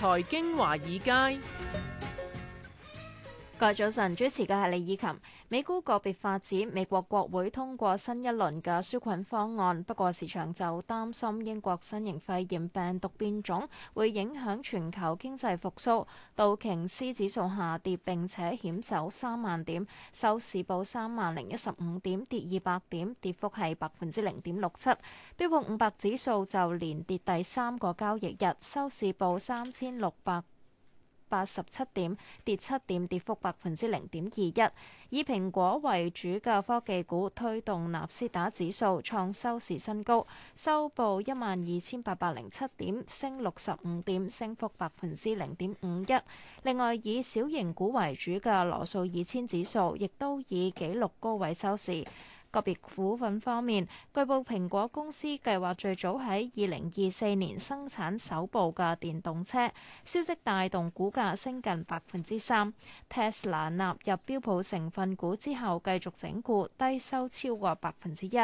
財經華爾街。各位早晨，主持嘅係李以琴。美股個別發展，美國國會通過新一輪嘅紓困方案，不過市場就擔心英國新型肺炎病毒變種會影響全球經濟復蘇，道瓊斯指數下跌，並且險守三萬點，收市報三萬零一十五點，跌二百點，跌幅係百分之零點六七。標普五百指數就連跌第三個交易日，收市報三千六百。八十七點，跌七點，跌幅百分之零點二一。以蘋果為主嘅科技股推動納斯達指數創收市新高，收報一萬二千八百零七點，升六十五點，升幅百分之零點五一。另外，以小型股為主嘅羅素二千指數亦都以紀錄高位收市。個別股份方面，據報蘋果公司計劃最早喺二零二四年生產首部嘅電動車，消息帶動股價升近百分之三。Tesla 納入標普成分股之後，繼續整固，低收超過百分之一。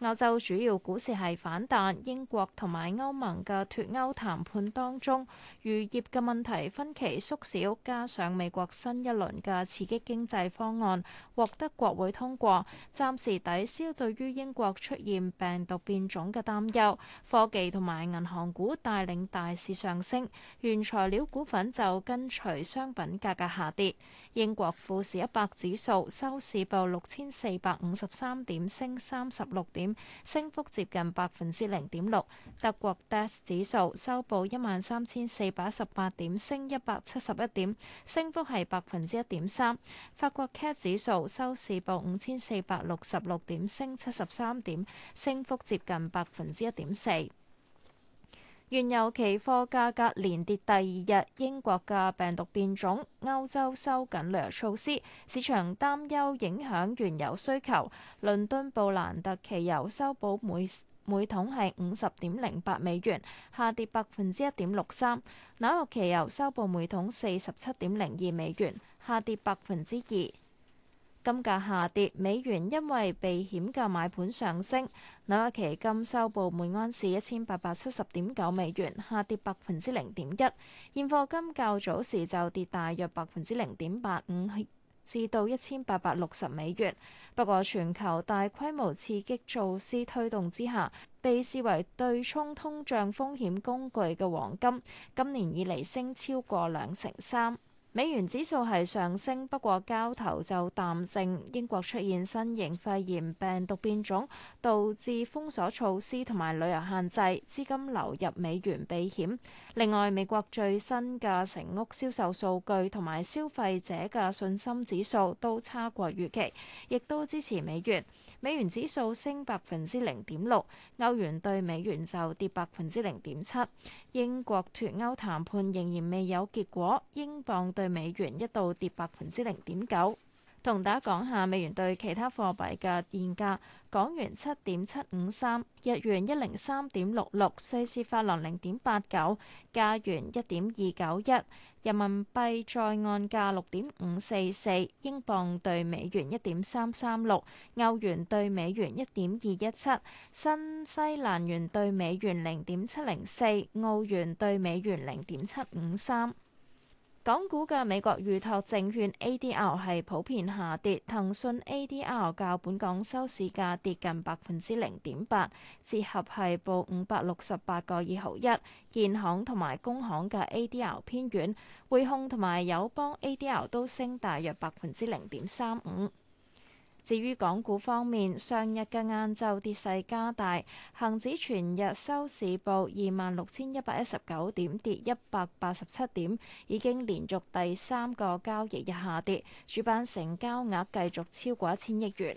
歐洲主要股市係反彈，英國同埋歐盟嘅脫歐談判當中，漁業嘅問題分歧縮小，加上美國新一輪嘅刺激經濟方案獲得國會通過，暫時抵消對於英國出現病毒變種嘅擔憂。科技同埋銀行股帶領大市上升，原材料股份就跟隨商品價格下跌。英國富時一百指數收市報六千四百五十三點，升三十六點。升幅接近百分之零點六。德國 DAX 指數收報一萬三千四百十八點，升一百七十一點，升幅係百分之一點三。法國 CAC 指數收市報五千四百六十六點，升七十三點，升幅接近百分之一點四。原油期貨價格連跌第二日，英國嘅病毒變種，歐洲收緊旅遊措施，市場擔憂影響原油需求。倫敦布蘭特期油收報每每桶係五十點零八美元，下跌百分之一點六三。紐約期油收報每桶四十七點零二美元，下跌百分之二。金價下跌，美元因為避險嘅買盤上升，紐約期金收報每盎司一千八百七十點九美元，下跌百分之零點一。現貨金較早時就跌大約百分之零點八五，至到一千八百六十美元。不過，全球大規模刺激措施推動之下，被視為對沖通脹風險工具嘅黃金，今年以嚟升超過兩成三。美元指數係上升，不過交投就淡靜。英國出現新型肺炎病毒變種，導致封鎖措施同埋旅遊限制，資金流入美元避險。另外，美國最新嘅成屋銷售數據同埋消費者嘅信心指數都差過預期，亦都支持美元。美元指數升百分之零點六，歐元兌美元就跌百分之零點七。英國脱歐談判仍然未有結果，英鎊對美元一度跌百分之零點九。同大家講下美元對其他貨幣嘅現價：港元七點七五三，日元一零三點六六，瑞士法郎零點八九，加元一點二九一，人民幣在岸價六點五四四，英鎊對美元一點三三六，歐元對美元一點二一七，新西蘭元對美元零點七零四，澳元對美元零點七五三。港股嘅美國預託證券 ADR 係普遍下跌，騰訊 ADR 較本港收市價跌近百分之零點八，折合係報五百六十八個二毫一。建行同埋工行嘅 ADR 偏軟，匯控同埋友邦 ADR 都升大約百分之零點三五。至於港股方面，上日嘅晏晝跌勢加大，恒指全日收市報二萬六千一百一十九點，跌一百八十七點，已經連續第三個交易日下跌，主板成交額繼續超過一千億元。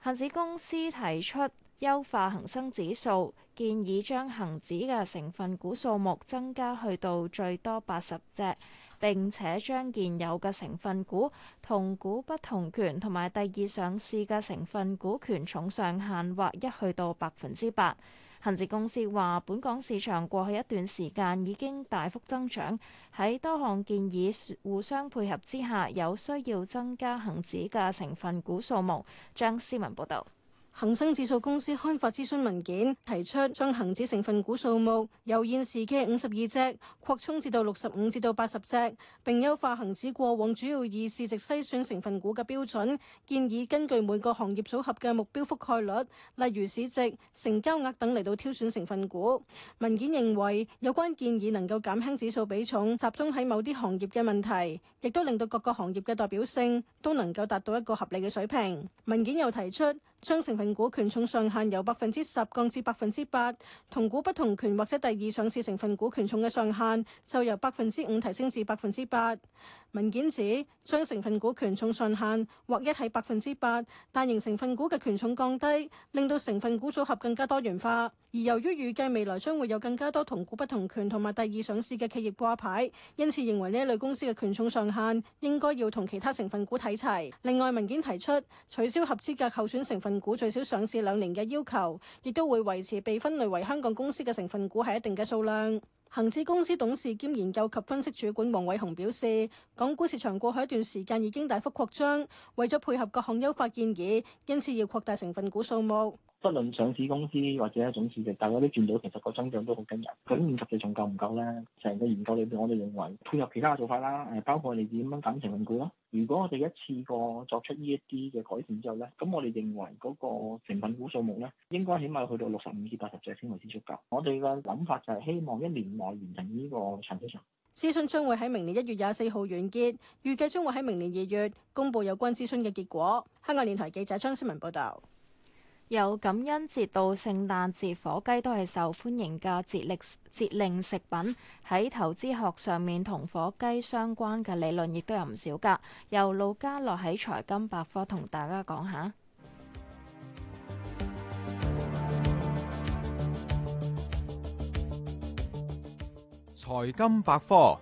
恒指公司提出優化恒生指數建議，將恒指嘅成分股數目增加去到最多八十隻。並且將現有嘅成分股同股不同權同埋第二上市嘅成分股權重上限劃一去到百分之八。恒指公司話：本港市場過去一段時間已經大幅增長，喺多項建議互相配合之下，有需要增加恒指嘅成分股數目。張思文報導。恒生指數公司刊發諮詢文件，提出將恒指成分股數目由現時嘅五十二隻擴充至到六十五至到八十隻，並優化恒指過往主要以市值篩選成分股嘅標準，建議根據每個行業組合嘅目標覆蓋率，例如市值、成交額等嚟到挑選成分股。文件認為有關建議能夠減輕指數比重集中喺某啲行業嘅問題，亦都令到各個行業嘅代表性都能夠達到一個合理嘅水平。文件又提出，將成分股權重上限由百分之十降至百分之八，同股不同權或者第二上市成分股權重嘅上限就由百分之五提升至百分之八。文件指將成分股權重上限或一係百分之八，大型成分股嘅權重降低，令到成分股組合更加多元化。而由於預計未來將會有更加多同股不同權同埋第二上市嘅企業掛牌，因此認為呢一類公司嘅權重上限應該要同其他成分股睇齊。另外，文件提出取消合資格候選成分。股最少上市兩年嘅要求，亦都會維持被分類為香港公司嘅成分股係一定嘅數量。恒指公司董事兼研究及分析主管黃偉雄表示，港股市場過去一段時間已經大幅擴張，為咗配合各項優化建議，因此要擴大成分股數目。不論上市公司或者係總市值，大家都見到，其實個增長都好驚人。佢五十隻仲夠唔夠咧？成個研究裏邊，我哋認為配合其他嘅做法啦，誒包括嚟點樣揀成分股咯。如果我哋一次過作出呢一啲嘅改善之後咧，咁我哋認為嗰個成分股數目咧應該起碼去到六十五至八十隻會先為之足夠。我哋嘅諗法就係希望一年內完成呢個長非常諮詢將會喺明年一月廿四號完結，預計將會喺明年二月公佈有關諮詢嘅結果。香港電台記者張思文報道。由感恩節到聖誕節，火雞都係受歡迎嘅節力節令食品。喺投資學上面，同火雞相關嘅理論亦都有唔少㗎。由盧嘉樂喺財金百科，同大家講下。財金百科，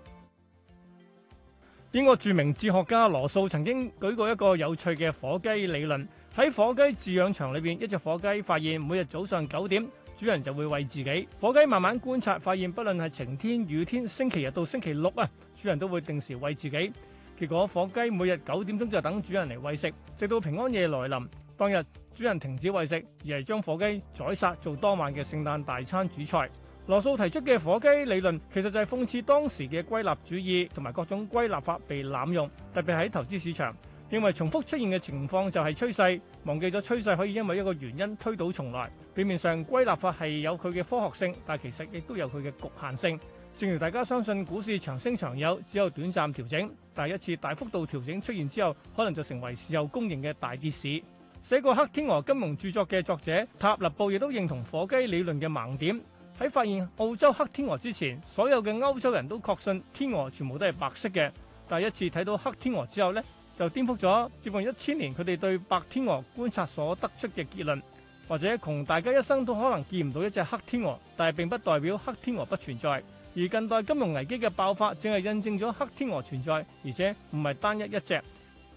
英國著名哲學家羅素曾經舉過一個有趣嘅火雞理論。喺火雞飼養場裏邊，一隻火雞發現每日早上九點，主人就會喂自己。火雞慢慢觀察，發現不論係晴天、雨天、星期日到星期六啊，主人都會定時喂自己。結果火雞每日九點鐘就等主人嚟喂食，直到平安夜來臨，當日主人停止喂食，而係將火雞宰殺做當晚嘅聖誕大餐主菜。羅素提出嘅火雞理論，其實就係諷刺當時嘅歸納主義同埋各種歸納法被濫用，特別喺投資市場，認為重複出現嘅情況就係趨勢。忘記咗趨勢可以因為一個原因推倒重來，表面上歸納法係有佢嘅科學性，但其實亦都有佢嘅局限性。正如大家相信股市長升長有，只有短暫調整，但一次大幅度調整出現之後，可能就成為事後公認嘅大跌市。寫過《黑天鵝》金融著作嘅作者塔立布亦都認同火雞理論嘅盲點。喺發現澳洲黑天鵝之前，所有嘅歐洲人都確信天鵝全部都係白色嘅，第一次睇到黑天鵝之後呢，就顛覆咗接近一千年佢哋對白天鵝觀察所得出嘅結論，或者窮大家一生都可能見唔到一隻黑天鵝，但係並不代表黑天鵝不存在。而近代金融危機嘅爆發正係印證咗黑天鵝存在，而且唔係單一一隻。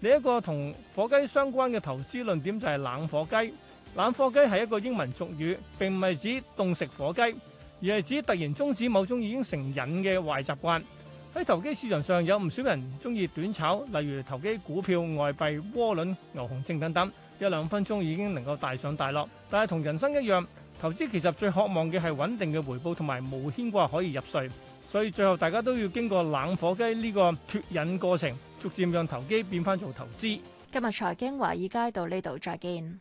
另一個同火雞相關嘅投資論點就係冷火雞。冷火雞係一個英文俗語，並唔係指凍食火雞，而係指突然中止某種已經成癮嘅壞習慣。喺投機市場上有唔少人中意短炒，例如投機股票、外幣、窩輪、牛熊證等等，一兩分鐘已經能夠大上大落。但係同人生一樣，投資其實最渴望嘅係穩定嘅回報同埋無牽掛可以入睡。所以最後大家都要經過冷火雞呢個脱引過程，逐漸讓投機變翻做投資。今日財經華爾街到呢度再見。